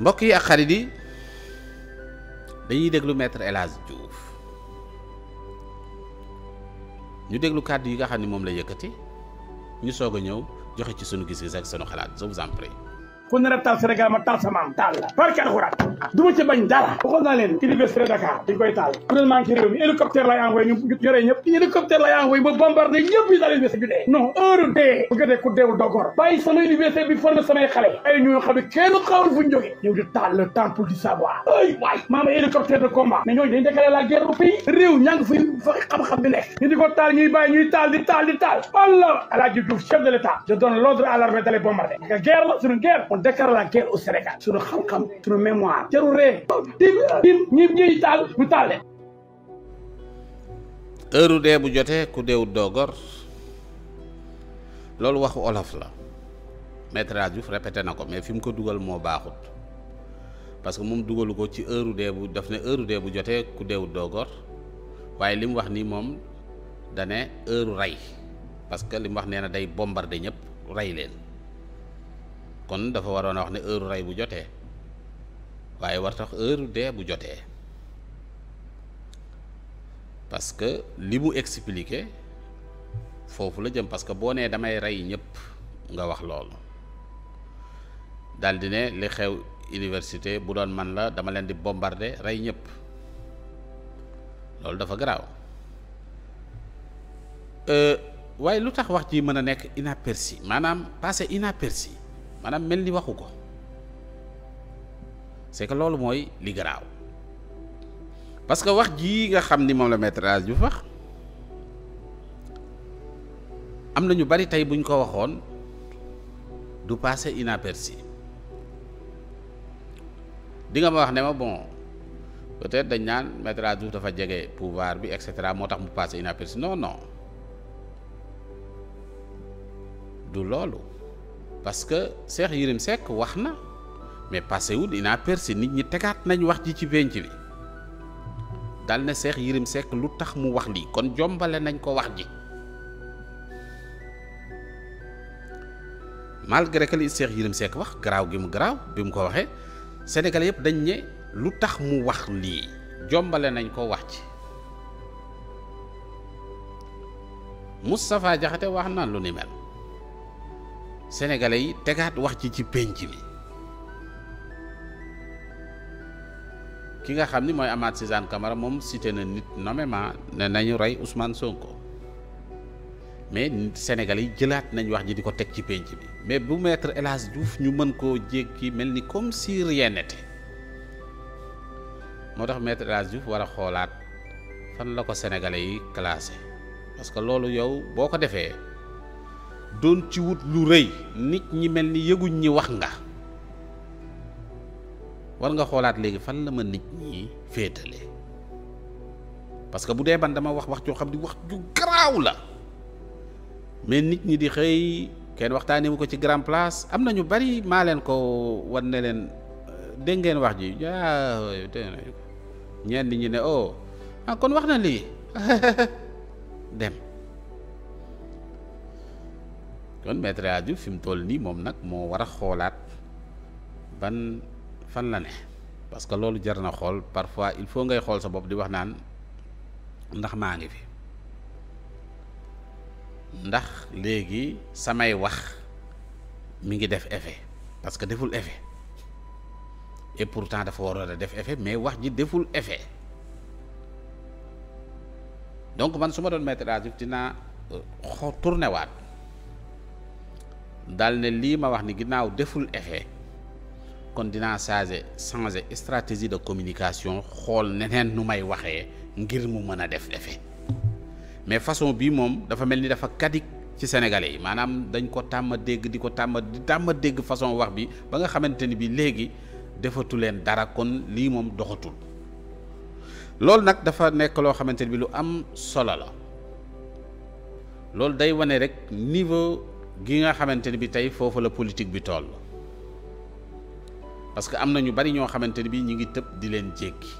mbokk yi ak xarit yi dañuy déglu maître El Hadj ñu déglu kàddu yi nga xam ne moom la yëkkati ñu soog a ñëw joxe ci sunu gis-gis ak sunu xalaat je vous en ku nar a taal Sénégal ma taal sa maam taal la barke alxuraan du ma ci bañ dara waxoon leen université Dakar dañ koy taal ku doon ngi ci réew mi hélicoptère lay envoyé ñu yoree ñëpp hélicoptère lay envoyé ba bombardé ñëpp yi daal université bi dee non heure dee bu gëtee ku deewul dogor bàyyi sama université bi formé samay xale ay ñoo xam ne kenn fu ñu jógee di taal le temple du savoir ay waay maama hélicoptère de combat mais ñooñu di taal ñuy bàyyi ñuy taal di taal déclare la guerre au Sénégal suñu xam-xam suñu mémoire jarul ree tim ñi ñuy taal ñu taal leen heure dee bu jotee ku deewut doo gor loolu waxu olof la maître Diouf répété na ko mais fi mu ko dugal moo baaxut parce que moom dugalu ko ci heure dee bu daf ne heure dee bu jotee ku deewut doo waaye li mu wax nii moom dane heure rey parce que li mu wax nee na day bombarde ñëpp rey leen kon dafa waroon a wax ne heure rey bu jotee waaye war tax heure dee bu jotee parce que li mu expliqué foofu la jëm parce que boo nee damay rey ñëpp nga wax loolu daldi ne li xew université bu doon man la dama leen di bombarde rey ñëpp loolu dafa garaaw euh, waaye lu tax wax ji mën a nekk inaperçu maanaam passé inaperçu maanaam mel ni waxu ko c'est loolu mooy li garaaw parce que wax jii nga xam ni moom la maître El Hadj am na ñu bari tey buñ ko waxoon du passé inaperçu di nga ma wax ne ma bon peut-être dañ naan maître El dafa jege pouvoir bi et cetera moo tax mu passé inaperçu non non du loolu. parce que Cheikh Yérim Seck wax na mais passé dinaa inaperçu nit ñi tegaat nañu wax ji ci penc bi dal na Cheikh Yérim Seck lu tax mu wax lii kon jombale nañ ko wax ji malgré que li Cheikh Yérim wax garaaw gi mu garaaw bi mu ko waxee Sénégal yëpp dañ ne lu tax mu wax lii jombale nañ ko wax ci Moustapha jaxate wax na lu ni mel. sénégalais yi tegaat wax ji ci pénc mi ki nga xam ni mooy Amath Suzanne Camara moom cité na nit nommément ne nañu rey Ousmane Sonko mais sénégalais yi jëlaat nañu wax ji di ko teg ci pénc mi mais bu maître El Hadj ñu mën koo jéggi mel ni comme si rien moo tax maître El Hadj Diouf xoolaat fan la ko sénégalais yi classé parce que loolu yow boo ko defee. doon ci wut lu rëy nit ñi mel ni yëguñ ñi wax nga war nga xoolaat léegi fan la ma nit ñi féetale parce que bu dee ban dama wax wax joo xam ni wax ju garaaw la mais nit ñi di xëy kenn waxtaanee ko ci grand place am na ñu bari maa leen ko wan ne leen euh, dégg ngeen wax ji ah ñenn ñu ne oh ah kon wax na lii dem. kon maître El Hadj Diouf fi mu toll nii moom nag moo war a xoolaat ban fan la ne parce que loolu jar na xool parfois il faut ngay xool sa bopp di wax naan ndax maa ngi fi ndax léegi samay wax mi ngi def effet parce que deful effet et pourtant dafa waroon a def effet mais wax ji deful effet donc man su ma doon maître El Hadj Diouf dinaa euh, xo tourné waat. daal ne lii ma wax ni ginnaaw deful effet kon dinaa changer changer stratégie de communication xool neneen nu may waxee ngir mu mën a def effet mais façon bii moom dafa mel ni dafa kadik ci sénégalais yi maanaam dañ ko tàmm dégg di ko tàmm di tàmm dégg façon wax bi ba nga xamante ni bi léegi defatu leen dara kon lii moom doxatul loolu nag dafa nekk loo xamante ni bi lu am solo la loolu day wane rek gi nga xamante ni bi tey foofu la politique bi toll parce que am na ñu bari ñoo xamante ni bi ñu ngi tëb di leen jéggi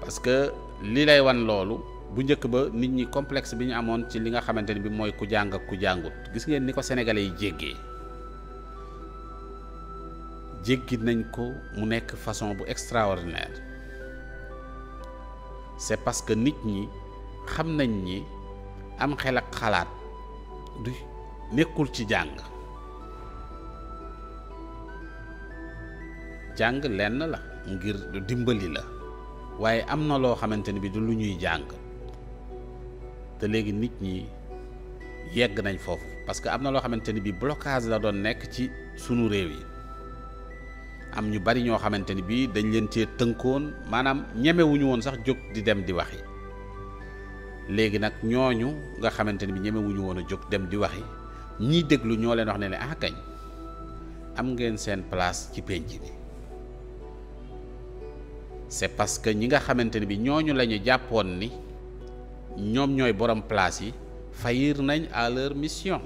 parce que li lay wan loolu bu njëkk ba nit ñi complexe bi ñu amoon ci li nga xamante ni bi mooy ku jàng ak ku jàngut gis ngeen ni ko sénégalais yi jéggee jéggi nañ ko mu nekk façon bu extraordinaire c'est parce que nit ñi xam nañ ñi am xel ak xalaat du nekkul ci jàng jàng lenn la ngir dimbali la waaye am na loo xamante ni bi du lu ñuy jàng te léegi nit ñi yegg nañ foofu parce que am na loo xamante ni bi blocage la doon nekk ci sunu réew yi am ñu bari ñoo xamante ni bi dañ leen cee tënkoon maanaam ñemewuñu woon sax jóg di dem di waxi léegi nag ñooñu nga xamante ne bi ñemewuñu woon a jóg dem di waxi ñii déglu ñoo leen wax ne ne ah kañ am ngeen seen place ci pénc bi c'est parce que ñi nga xamante ne bi ñooñu la jàppoon ni ñoom ñooy borom place yi faillir nañ à leur mission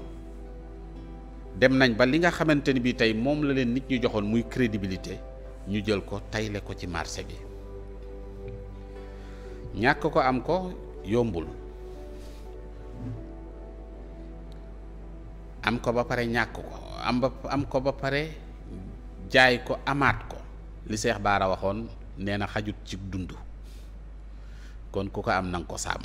dem nañ ba li nga xamante ni bi tey moom la leen nit ñi joxoon muy crédibilité ñu jël ko tayle ko ci marché bi ñàkk ko am ko yombul am ko ba pare ñàkk ko am ba am ko ba pare jaay ko amaat ko li Seex Baara waxoon nee na xajut ci dund kon ku ko am na ko sàmm